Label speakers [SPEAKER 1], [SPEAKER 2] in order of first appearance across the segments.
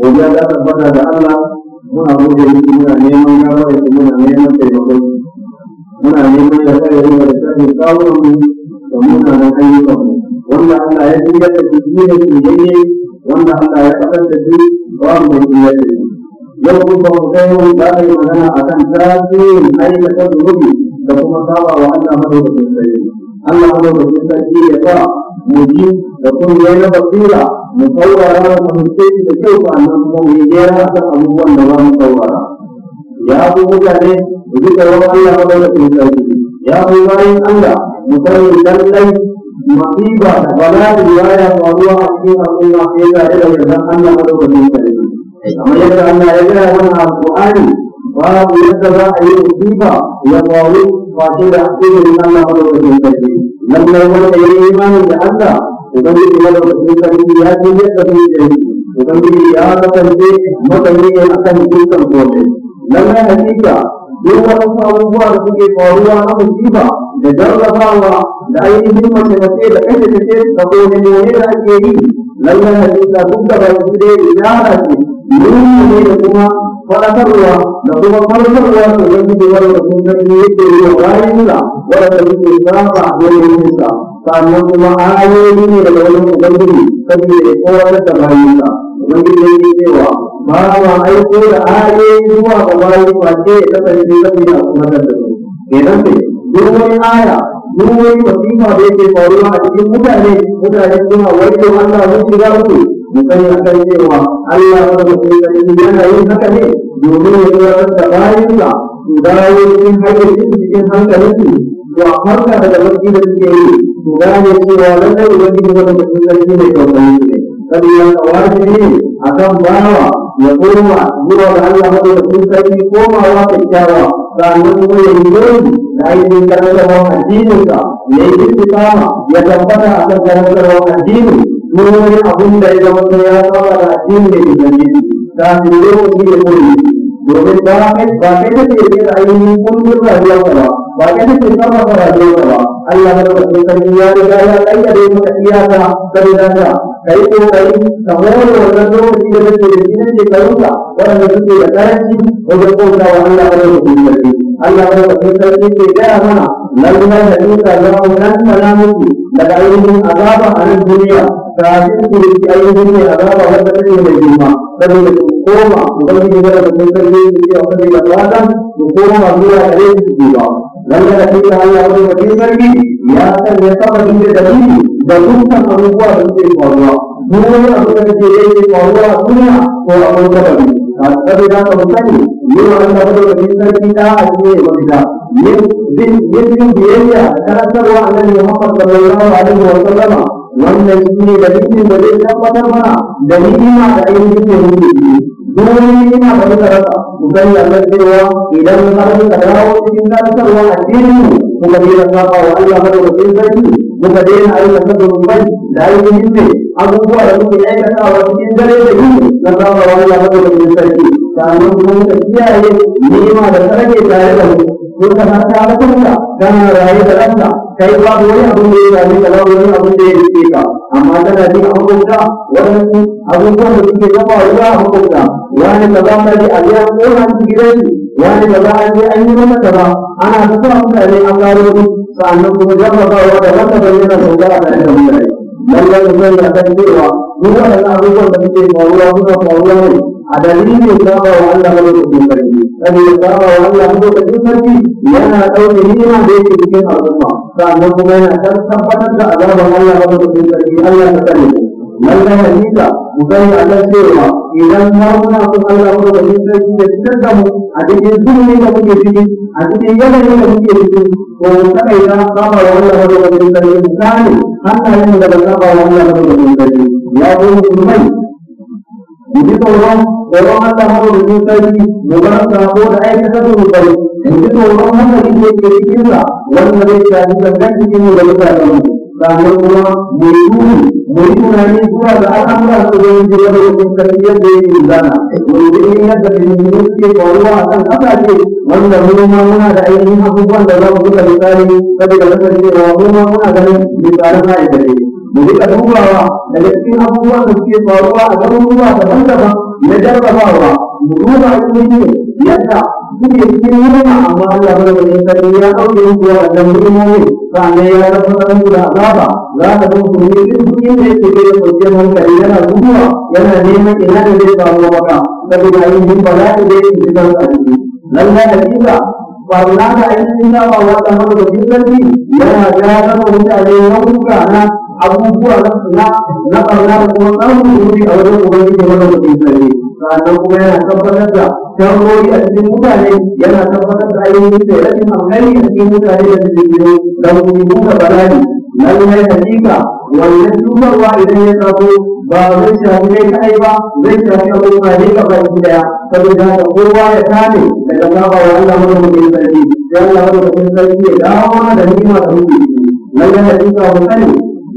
[SPEAKER 1] godiya ta tabbata da Allah muna gode miki muna neman gafara ki muna neman taimako muna neman da kare mu da kare kawunan mu da muna da ayyukan mu wanda Allah ya tsira da shi ne kiyayye wanda Allah ya fadar da shi ba mu da kiyayye yau kun ba mu kai mu a yi magana akan tasirin aikata zunubi da kuma saba wa Allah madaukakin sarki Allah madaukakin sarki ya sa mu ji da kun yi na basira mu saurara mu fahimce shi da kyau sannan kuma mu yi gyara akan abubuwan da ba mu ya ku mutane mu ji tsoron Allah ba da sarki ya ku bayan Allah mu lallai masiba da bala'i ya ya faruwa a cikin al'umma sai ga irin yardan Allah ba da sarki kamar yadda Allah ya gaya mana alƙur'ani babu yadda za a yi masifa ya faru ba sai da izinin Allah ba da sarki lallai wanda ya yi imanin da Allah உதவி உதவி யாரே நம்ம தங்கிய அத்தனை தூக்கம் போது நல்ல நதிக்கா يوم abubuwa da suke faruwa na musiba da jarrabawa da ainihin mace mace da kashe kashe da kodinone da ake yi lallai hakika duk da ba su dai idara ce nuni ne da kuma faɗakarwa da kuma farfarwa da wani da wani da sun gani yake yi wa bayan nuna wadda suke saba da yin nisa sannan kuma ayoyi ne daga wajen ubangiji saboda ya kowatar da bayinsa ubangiji ya yi cewa ba ma aiko da ayoyi zuwa ga bayi face ya kasance saboda a kowatar da su kenan ne duk wani aya duk wani masifa da yake faruwa a cikin mutane mutane suna wanke Allah mun shiga su, mu sani akan cewa Allah wanda mutum yana yin haka ne domin ya kowatar da bayinsa su dawo cikin hayyacin cikin hankalinsu to a da suke yi to cewa lallai ubangiji wanda mutum sarki mai tausayi ne kada ya kawace ne a bawa ya koma zuwa ga Allah madaukakin sarki komawa kyakkyawa sannan ya yi addininsa ya yi ya tabbata a kan addini ne abin da ya addini ne da gani domin ba kai ba kai da ke yin ainihin kundin rayuwarka ba ba kai da ke sarrafa rayuwarka ba Allah ya rabu sun sani ya riga ya kayyade maka iyaka saboda ka kai kokari ka more wannan lokaci da kake da shi shekarunka wanda suke da karanci wajen kokawa Allah ya rabu sun sani Allah ya rabu sun sani ke lallai hakika za mu kammala muku daga ainihin azaba a nan duniya kafin ku yi ainihin ne azaba wanda ta yi mai girma saboda ku koma ku zama ne gara da kun karbe ku ce wanda ya fata ku koma zuwa gare ku ku duba lallai hakika Allah wani sarki ya da dalili da dukkan sunan da a duniya ko a wani kabari saboda ka musani yi wa Allah da a cikin ya mafita yin yin biyayya da karantarwa a nan Muhammad sallallahu alaihi wa sallama wannan shi ne zai da idan har dawo cikin karantarwa a mu ga bi da saba wa muka daina aikata zunubai da aikin ne abubuwa da muke aikatawa cikin dare da yini na zama saba wa Allah madaukakin sarki sannan kuma muka kiyaye nema da sarki tare da mu muka haka mutunta, kana raye da ranka kai babu wani abin da ya sami ka babu wani abin da ya rike ka amma tana jin hukunta wadansu abubuwan da suke zama ruwa hukunta wani ka ba ka ji a biya ko hanci gidansu wani da za a je an yi mata ba ana zuwa mutane an gano su sa'annan kuma jarrabawa da wata bayyana dogara da ita mutane lallai mutum na san cewa duk waɗannan abubuwan da suke faruwa suna faruwa ne a dalilin saba wa Allah madaukakin sarki saboda saba wa Allah madaukakin sarki yana ɗauke nima da yake cikin al'umma sa'annan kuma yana tabbatar da azaban Allah madaukakin sarki Allah ta kare mu lalla hakika mu gani a nan cewa idan har muna son Allah mu da yin sarki da fitar da mu a cikin zulmi da muke ciki a cikin yanayin da muke ciki ko mu kada ya saba wa Allah mu da yin sarki mu gane hannayen da ba saba wa Allah mu da yin sarki ya ko musulmai mu ji tsoron tsoron Allah mu da yin sarki mu bar sako da aikata da musulmai mu ji tsoron hankali ke cikin sa wanda zai shafi gangan cikin da mutanen mu sannan kuma mai duhu mai tunani zuwa ga al'amura su zai ji wani rukun karfiyar da yake zana mai duhu yadda filimin suke faruwa a kan kasashe wanda mu ma muna da ainihin abubuwan da za mu buga misali saboda kasancewa mu ma muna ganin misalan ma'aikatai mu rika dubawa daga cikin abubuwan da suke faruwa a garuruwa daban-daban na jarrabawa mu duba ainihin yadda suke cikin nuna amma ya ɗauke musu waɗannan mu'minin sannan ya tabbatar musu da za cikin da yake da kwanciyar hankali yana guduwa yana neman ina da zai samu maka saboda yin jin ba lallai hakika babu na da ainihin sabawa ta yana gaya mutane wani abubuwa na na a wajen ubangiji wanda mutum sarari sannan kuma yana tabbatar da sharrori a cikin mutane yana tabbatar da ayyukan da ya cikin a cikin mutane da su biyu da mutum da bala'i lallai hakika wannan cutarwa idan ya ba zai shafi kai kai ba zai shafi abubuwa ne ga baki daya saboda haka kowa ya kame daga saba wa Allah madaukakin sarki sai Allah madaukakin sarki ya dawo da nima da mutum lallai hakika mu sani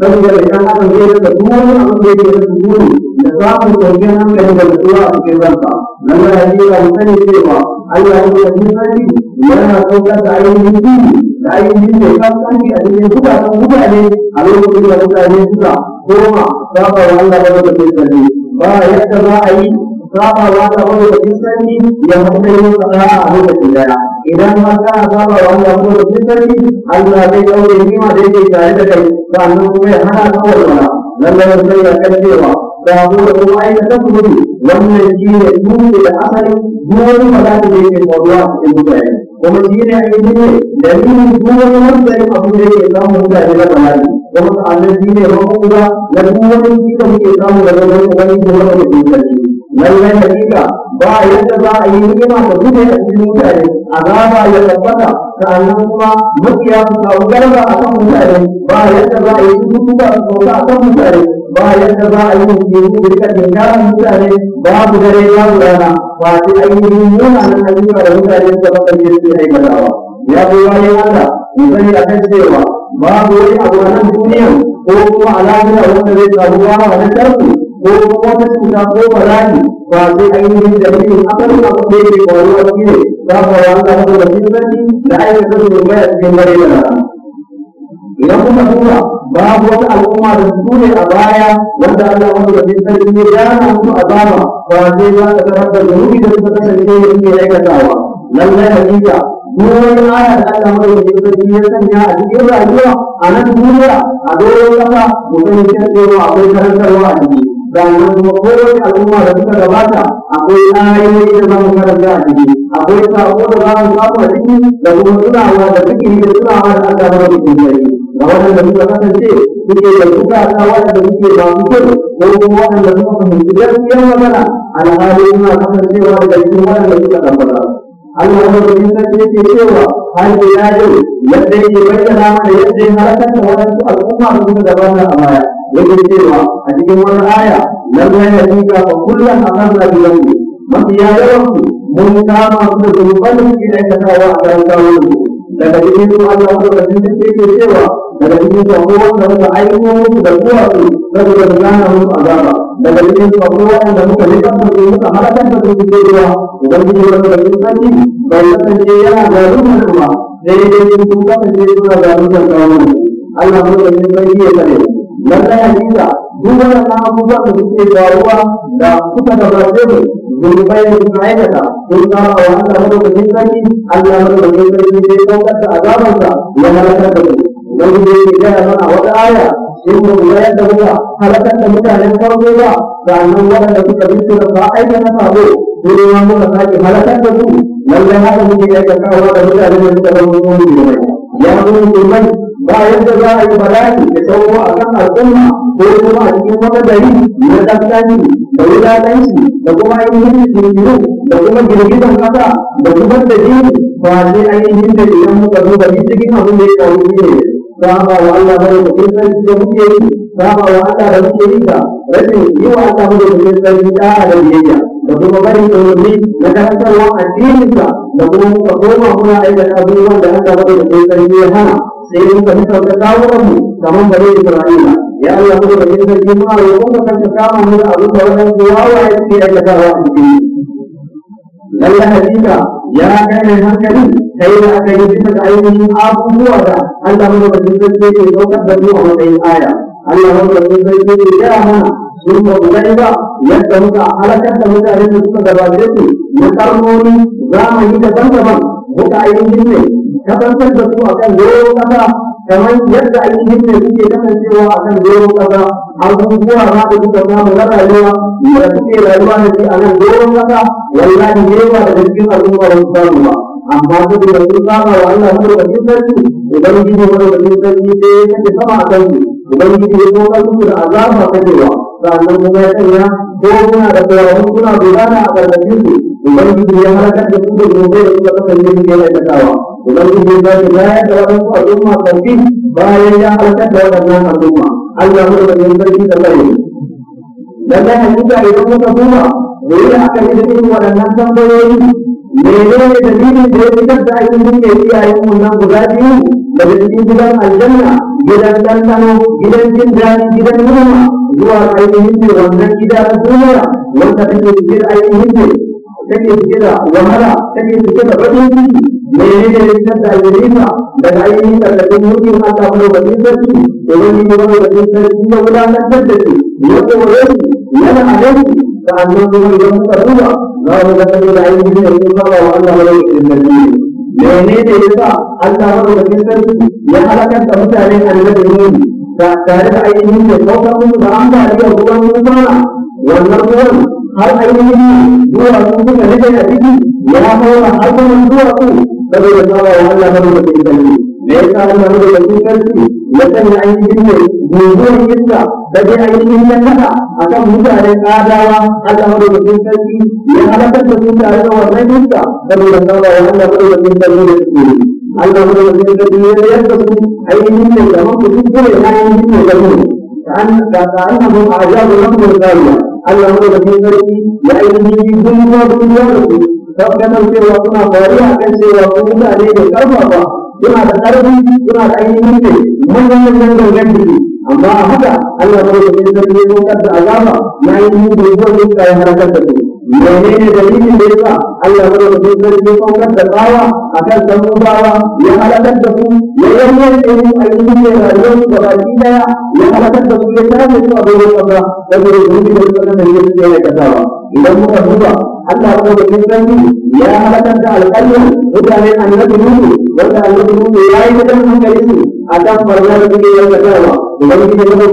[SPEAKER 1] saboda idan aka zai rasa duk wani abu da yake rasa duni da samun kwanciyar hankali da nutsuwa a cikin ranka nan da hakika mu sani cewa Allah ya yi cikin sani yana saukar da ainihin duni da ainihin da kasuwanci a cikin zukatan mutane a lokacin da mutane suka koma sabawa Allah da ba yadda za a yi Berapa warga untuk berjisan ini yang mempunyai setengah ahli berjisan. Idan maka asal orang yang untuk berjisan ini, Allah ada yang ini masih berjisan dari kamu punya hak atau mana. Lalu saya akan dewa. Kamu berumai tetap budi. Lalu jin itu tidak asal. Dua mata tidak berbuat itu saya. Kamu jin yang ini dari dua orang dari kamu dari kamu sudah ada kembali. Kamu Allah jin yang kamu sudah lakukan itu kamu kita lakukan kembali dua orang berjisan. lallai hakika ba yadda za a yi ni'ima ta gube da cikin mutane azaba ya tabbata sa'annan kuma makiya su samu garba a kan mutane ba yadda za a yi mutuwa su sauka a kan mutane ba yadda za a yi mutuwa su rika dinkarar mutane Ba babu dare babu rana ba sai ainihin na ayyuka da mutane suka kasance su aikatawa ya fi wani Allah mu sani a kan cewa babu wani abu a nan duniyan ko kuma a lafiya wanda zai samu rana a nan tarku ko wata cuta ko bala'i ba sai ainihin dalilin asalin abu da yake faruwa shi ne za ka fara an samu da sarki da aikata su ne mai a cikin gare da rana idan kuma duba babu wata al'umma da su ne a baya wanda Allah wanda da cikin sarki ne ya na mutu azaba ba sai za ka tarar da zunubi da suka kasance yake aikatawa lallai hakika duwani aya da Allah madaukakin sarki ya sanya a cikin rayuwa a nan duniya a doron kasa mutum ya ce akwai karantarwa a ciki sannan kuma al'umma da suka gabata akwai ayoyi da zamu karanta a ciki akwai sako da zamu samu a ciki da kuma tunawa da zikiri da tunawa da Allah ba da sarki ga waɗanda suka kasance suke da suka ta waɗanda suke ba su ko kuma waɗanda suka fahimci gaskiyar magana alhali suna kasancewa daga cikin waɗanda suka tabbata Allah ya bari sarki yake cewa har da yau yadda yake bayyana mana yadda ya halakar da waɗansu al'umma da suka gabata a baya yake cewa a cikin wani aya lallai ya tuka fa kullum a kan zabi yanku ya yi wasu. mun kama su da ba da suke aikatawa a kan kawo daga cikin su Allah ko da cikin da yake cewa daga cikin su akwai wanda muka aiko musu da zuwa su saboda su gana musu azaba daga cikin su akwai wanda muka likafa su muka halakar da su cikin ruwa ubangiji wanda da cikin sarki bai kasance yana zalunta kuma sai dai sun kasance suna zalunta kawo Allah ko da cikin sarki ya kare lallai hakika duk wani waɗannan abubuwan da suke faruwa da suka gabace mu zunubai da suka aikata sun kama wa Allah madaukakin sarki Allah madaukakin sarki zai saukar da azabansa ya halakar da su wani da yake gaya mana wata aya in ba mu yadda muka halakar da mutanen farko ba nan waɗanda suka bi su da ba aikata sabo sai ma muka sake halakar da su lallai haka muke aikatawa da mutanen da suka zama mutum ne ya zama mutum ba yadda za a yi bala'i da sauko a kan al'umma ko kuma a cikin wata gari na tsakani da wulaƙanci da kuma ainihin jirgiru da kuma girgizan ƙasa da kuma da jini ba sai ainihin da idan muka duba ni cikin abin da ya kawo ne saba wa Allah ba da kin san da muke yi Ba ba wa Allah da muke yi da rashin yi wa Allah bane da kin san da da biyayya da kuma bari umarni na karantarwa addininsa da kuma muka koma muna aikata abubuwan da Allah bane da kin san ya hana sai mun ka bisa da kamar ba zai ya Allah kuma da yin sarki ma ya kuma ya a ya kai hankali kai da aka yi bisa ga ainihin da Allah kuma da yin sarki mu matsayin ba yadda mutane da suka daban-daban muka ne kasantar da su a kan doron kasa kamar yadda ainihin ne suke kasancewa kan doron kasa abubuwa na da suka samu na rayuwa da suke rayuwa da a kan doron kasa wallahi ne ba da cikin al'umma ba su samu ba amma duk da sun saba wa Allah ko da cikin sarki idan gidi ko da cikin sarki sai yake kace sama a kan idan gidi ko da su da azaba ta cewa sannan kuma ya kanya ko kuna da tsoron kuna gudana a karkashin su idan gidi ya halaka da su da gobe da suka kasance cikin aikatawa ubangiji za ta bayar da waɗansu al'umma sauki bayan ya halakar da waɗannan al'umma Allah mu da yin sarki da kai lallai hakika idan muka duba mu yi la'akari da irin waɗannan tambayoyi menene dalilin da ya fitar da ake binne iyayen mu nan guda biyu daga cikin gidan aljanna gidan ɗanɗano gidan jin daɗi gidan noma zuwa ainihin ne wannan gida na duniya wanda take cikin da wahala take cike da baƙin menene rikitar da aljerisa daga ainihin tallafin mulkin Allah madaukakin sarki domin yi madaukakin sarki ya gudanar da shi ya kore shi yana a nan sa'annan kuma idan muka duba za mu ga sai da ainihin da yake saba wa Allah madaukakin sarki menene yasa Allah madaukakin sarki ya halakar da mutane annabi ne da tare da ainihin da saukar musu da an ba da ruwan mutana wannan ruwan har ainihin duwatsu suka rike a ciki ya haura har kuma duwatsu saboda saba wa Allah madaukakin sarki me yasa Allah madaukakin sarki ya sanya ainihin ne guguwar iska aiki dai ainihin ya kada akan mutanen adawa Allah madaukakin sarki ya halakar da su tare da wannan iska saboda saba wa Allah madaukakin sarki da suke yi Allah madaukakin sarki ya yarda su ainihin ne da mafi duk gure ainihin ne da mu كأنهم أعجاب نخل غالية الله هو الذي يريد يعيش في كل وقت ganin cewa suna faruwa kan cewa ku mutane da karfafa suna da karfi suna da ainihin ne manyan manyan gangan amma a haka Allah ko da yin sarki ko kadda azaba na yi mu da zuwa ne kai da mene ne dalilin da yasa Allah ko da yin sarki ko kadda tsawa samu bawa ya halakar da su ya yarda da mu ainihin ne rayuwar su gaba ki daya ya halakar da su ya tare su a gaban Allah da gurin da yake da yake da yake da idan muka duba حتى لو بالنسبة يا هلكة القلب رجع من أن يدنوه وقع يدنوه لا يتكلم من كريسي أتى فرنا لكي يتكلم وقال لو بالنسبة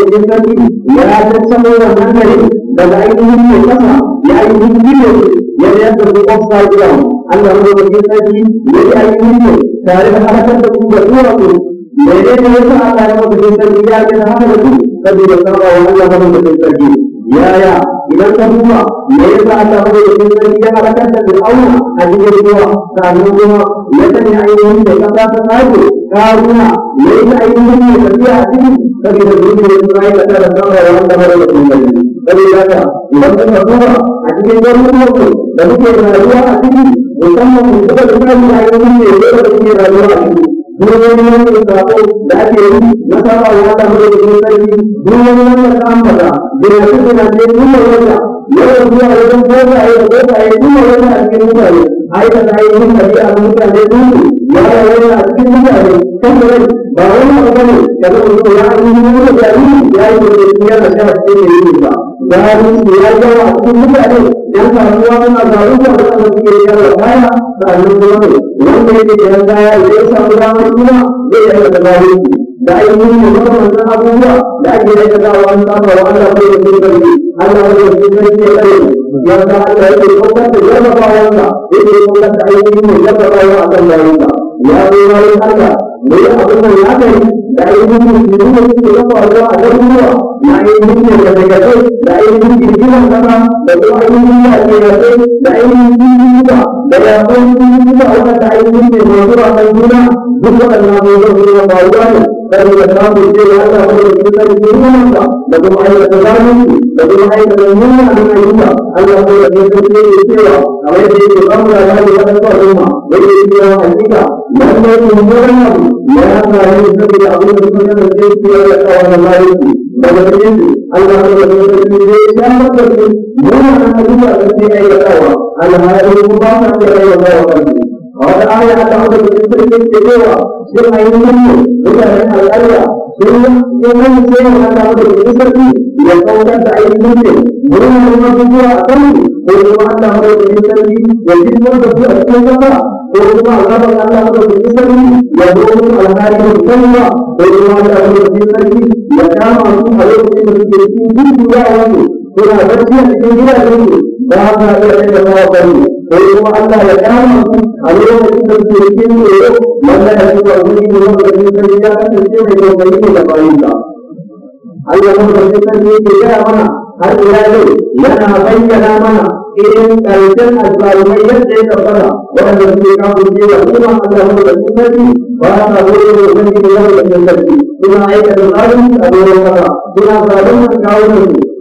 [SPEAKER 1] يا تسمى ومن كريم بدأيته في القصة لأيه كبير يجب أن تكون صادقا أن لو بالنسبة لأيه كبير تعرف حركة تكون بصورة मेरे लिए तो आप आए हो विशेष कर दिया कि हम लोग कभी बताओ अल्लाह हम लोग विशेष कर दिया yaya idan ka duba me yasa Allah bai da kun sai ya halakar da Fir'auna a cikin ruwa sannan kuma ya sanya ainihin da kasa ta tsage karuna ya yi ainihin da tafiya a cikin saboda da Isra'ila ta da sama da wanda mara da kun sai saboda haka idan ka duba a cikin garuruwan ku da kuke rayuwa a ciki musamman ku da kuke rayuwa a ciki duk wani wanda sako da ake yi na saba ya ta mu da cikin sarki duk wani wanda ta ambata da ya fi na ce duk wani wanda yau zuwa wajen kofa ya da kofa ya duk wani wanda a cikin mutane aika ta yi yin tafi a mutane duk ya yi wani a cikin mutane kan da ba wani abu ne ka zama ya yi wani da ya yi ya yi da ya yi da ya yi da ya yi da da hali ya zama a cikin mutane yan kasuwa suna zaruwa da wanda suke yawa kaya da abin dole wanda yake da yan kaya da samu damar kuma zai yi da zalunci da ainihin da makamantan abubuwa da ake aikatawa an samu wa Allah ko da ke gari Allah ko da ke gari ne kai yi Allah yake kokar da jarrabawansa yake kokar da ainihin da jarrabawa a kan rayuwa ya zo ranar Allah ne abin da ya kai لا يمكن المسلمين في رفع الله على الروح لا يمكن الزكاة لا يمكن الجنة كما لا يمكن الزكاة لا يمكن الجنة لا يمكن الجنة ولا يمكن الجنة ذكر الله في رفع الله dan da ta mu ce ya ta mu da ta da nuna ta da kuma ai da zalimi da kuma ai da nuna da nuna Allah ko da ne ce ne cewa kamar da yake kamar da ya ta ta kuma da yake cewa hakika man da mu murna ya ta ne saboda abin da kuma da ke cewa ya ta wannan lafiya daga cikin Allah ko da ne ce ne ya ta ta nuna da nuna da ke aikatawa Allah ya yi kuma ta da ya ta और आज आता हूँ जिंदगी सेवा जो नहीं आईने अल्लाह जो मैं सेवा करता हूँ ईश्वर की यह कौन सा आईने से गुरु महिमा की जो आता हूँ तो ये जो आता हूँ ईश्वर की यह तो सबसे अच्छा होगा ना तो जो अल्लाह पर आता हूँ ईश्वर की यह गुरु अल्लाह की उत्तम हुआ तो ये आता हूँ तो की यह काम हम हरे पूरा होगी पूरा अवश्य पूरा होगी ba ka iya inda kuma bari ko kuma Allah ya kama su a lokacin da ke cikin tsoro wanda da suka wuri ne wanda ke cikin ya kasance da ke bari ne da bayin ka Allah kuma da ke kan yake gaya mana har ila yau yana bayyana mana irin ƙarshen alƙalumai yadda ya tabbata waɗanda suke kafin jewa kuma Allah kuma da ke kan ba sa gode da wani gidan da ke kan suna aikata zalunci a doron kasa suna zalunci kawo da su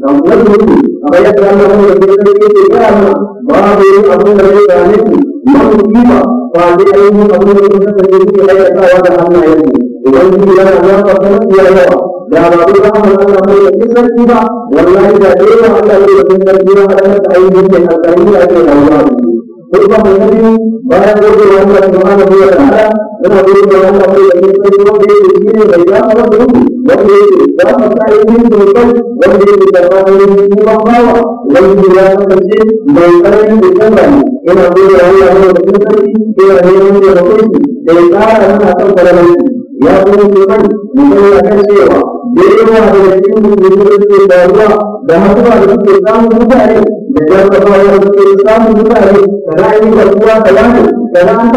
[SPEAKER 1] نقول أبيت أنه يجب أن بعض أمور الإسلام مكتوبة فعليه أمور الإسلام لا يتعود عما يجب ويجب أن يقف في ba ku da amma Allah mai yake sarki ba da dole Allah mai yake sarki ba da ayyukan Berupa menteri, barang itu yang tidak dikenal oleh dia karena dengan diri dalam waktu yang ini terima diri di sini dari dalam orang itu dan diri itu dalam masa ini menurutkan dan diri di dalam orang ini kurang bawa dan diri dalam kerja mereka yang dikenal dengan diri dari orang yang dikenal dengan diri yang dikenal dari cara yang akan terlalu yang menunjukkan menurut saya siapa diri yang ada di sini menurutkan diri dari Allah dan hati-hati kita menurutkan يجب الله الاستيطان بذلك فلا يجب القوى كذلك فلا أنت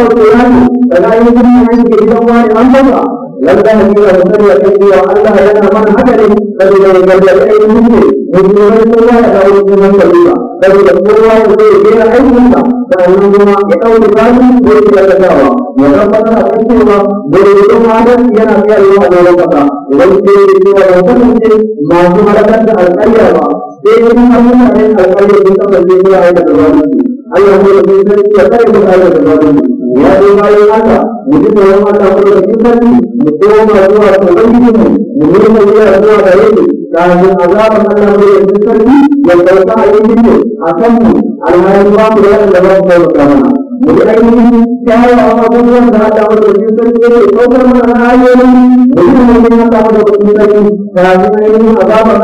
[SPEAKER 1] فلا يجب أن يجب إلى الله أنفسها لله في رسول يحب لنا من حكم فبذلك الأي مسلم مسلم الله لا يسلم سبيلا فبذلك الله يسلم أي مسلم فأنهما يقول ذلك ويجب التجارة وربنا أكثرها بريدهم على ينا في الله وربنا ويجب الله ويجب ما هو لك الأيام దేవుని సమూహాన్ని అల్పయ్యేది సంబంధించి ఆయన గౌరవించి అలా మీరు జీవితానికి ఎక్కడికి ఆయన గౌరవించి ఏ దేవాలయ మాట ఇది ప్రేమాట అప్పుడు రచించండి ఉద్యోగం అర్థం తొలగించింది మీరు మళ్ళీ అర్థం అయ్యింది దాని అదాపంగా మీరు రచించండి ఎంత అయ్యింది అసలు అలా జవాబు కావాలి mu ainihin kyawawan abubuwan da haɗa mata da sun ke ɗaukar mana ayoyi da yi mun yi haɗa mata da da da ya kuma alƙawarin Allah ya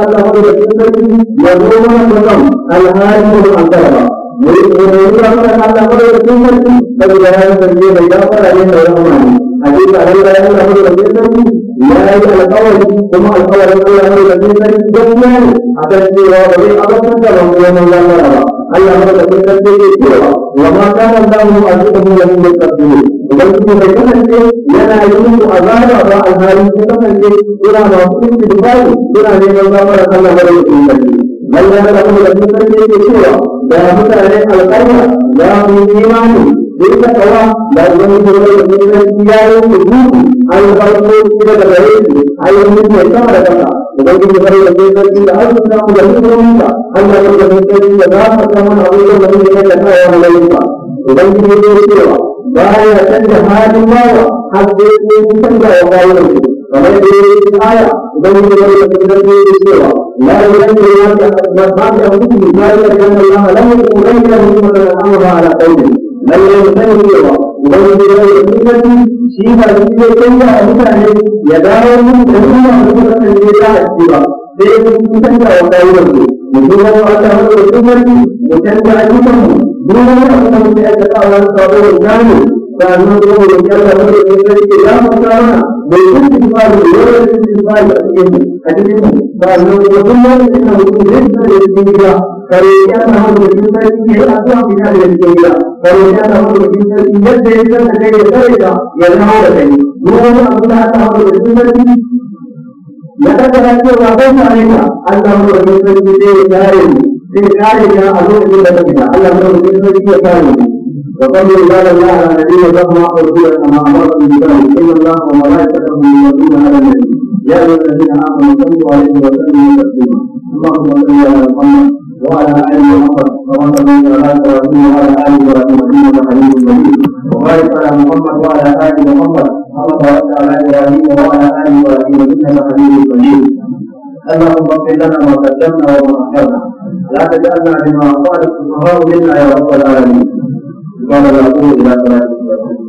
[SPEAKER 1] haɗa a kan cewa ba Allah madaukakin sarki zai cewa wa ma kana Allahu mu'azibahu wa hum yastaqbilu idan kuma bai kasance yana yi musu azaba ba alhali da kasance suna masu istighfari suna neman gafara Allah madaukakin sarki Allah madaukakin sarki yake cewa da mutane alƙarya za su yi imani in ka kawa da wani gurbin da ke nan kuma da gare su an yi mutu mai da kasa idan kuma kare da ke sarki da an suka mu da mutumin ka da kuma da sarki da za ka samu na abubuwan da na laifuka idan kuma ya yi cewa ba ko canza wa bayan su kamar da ya yi aya idan kuma a da ke sarki da cewa لا يذكر ما بعد أن يكون ذلك lallai mu sani cewa ubangiji ya yi kimanci shi ba shi zai canza a mutane ya dawo mun da nuna musu kasance ta haske ba sai ya fi canza wa kayuwar su mu duba wa aka hau da kimanci mu canza ayyukan mu duba wa aka hau da aka kawo da sabo da namu sannan kuma mu canza wa da kimanci ke ya mu kawo da yin istifari da yawan istifari a cikin mu a cikin mu sannan kuma duk wani ina mutum zai canza da cikin gida pero ella trabaja con el punto de vista y ella actúa al final de la historia. Pero ella trabaja con el punto de vista y ella se entra en la ley histórica y es una orden. No vamos a apuntar a trabajar con el punto de vista. Y acá se ha hecho la cosa a ella, al trabajo con el punto de vista y ella es la orden. Y ella ya ha hecho la cosa a ella, al trabajo con el punto de vista y ella es la orden. وقال الله تعالى ان الذين كفروا وقالوا سبحان الله وبحمده سبحان الله وما لا يتكلمون الا بما امرهم يا ايها الذين امنوا صلوا عليه وسلموا تسليما اللهم صل على محمد وعلى ال محمد كما صليت على ابراهيم وعلى ال ابراهيم انك حميد مجيد وبارك على محمد وعلى ال محمد كما باركت على ابراهيم وعلى ال ابراهيم انك حميد مجيد اللهم اغفر لنا ما قدمنا وما اخرنا لا تجعلنا بما اعطاك السخراء منا يا رب العالمين قال لا الى صلاه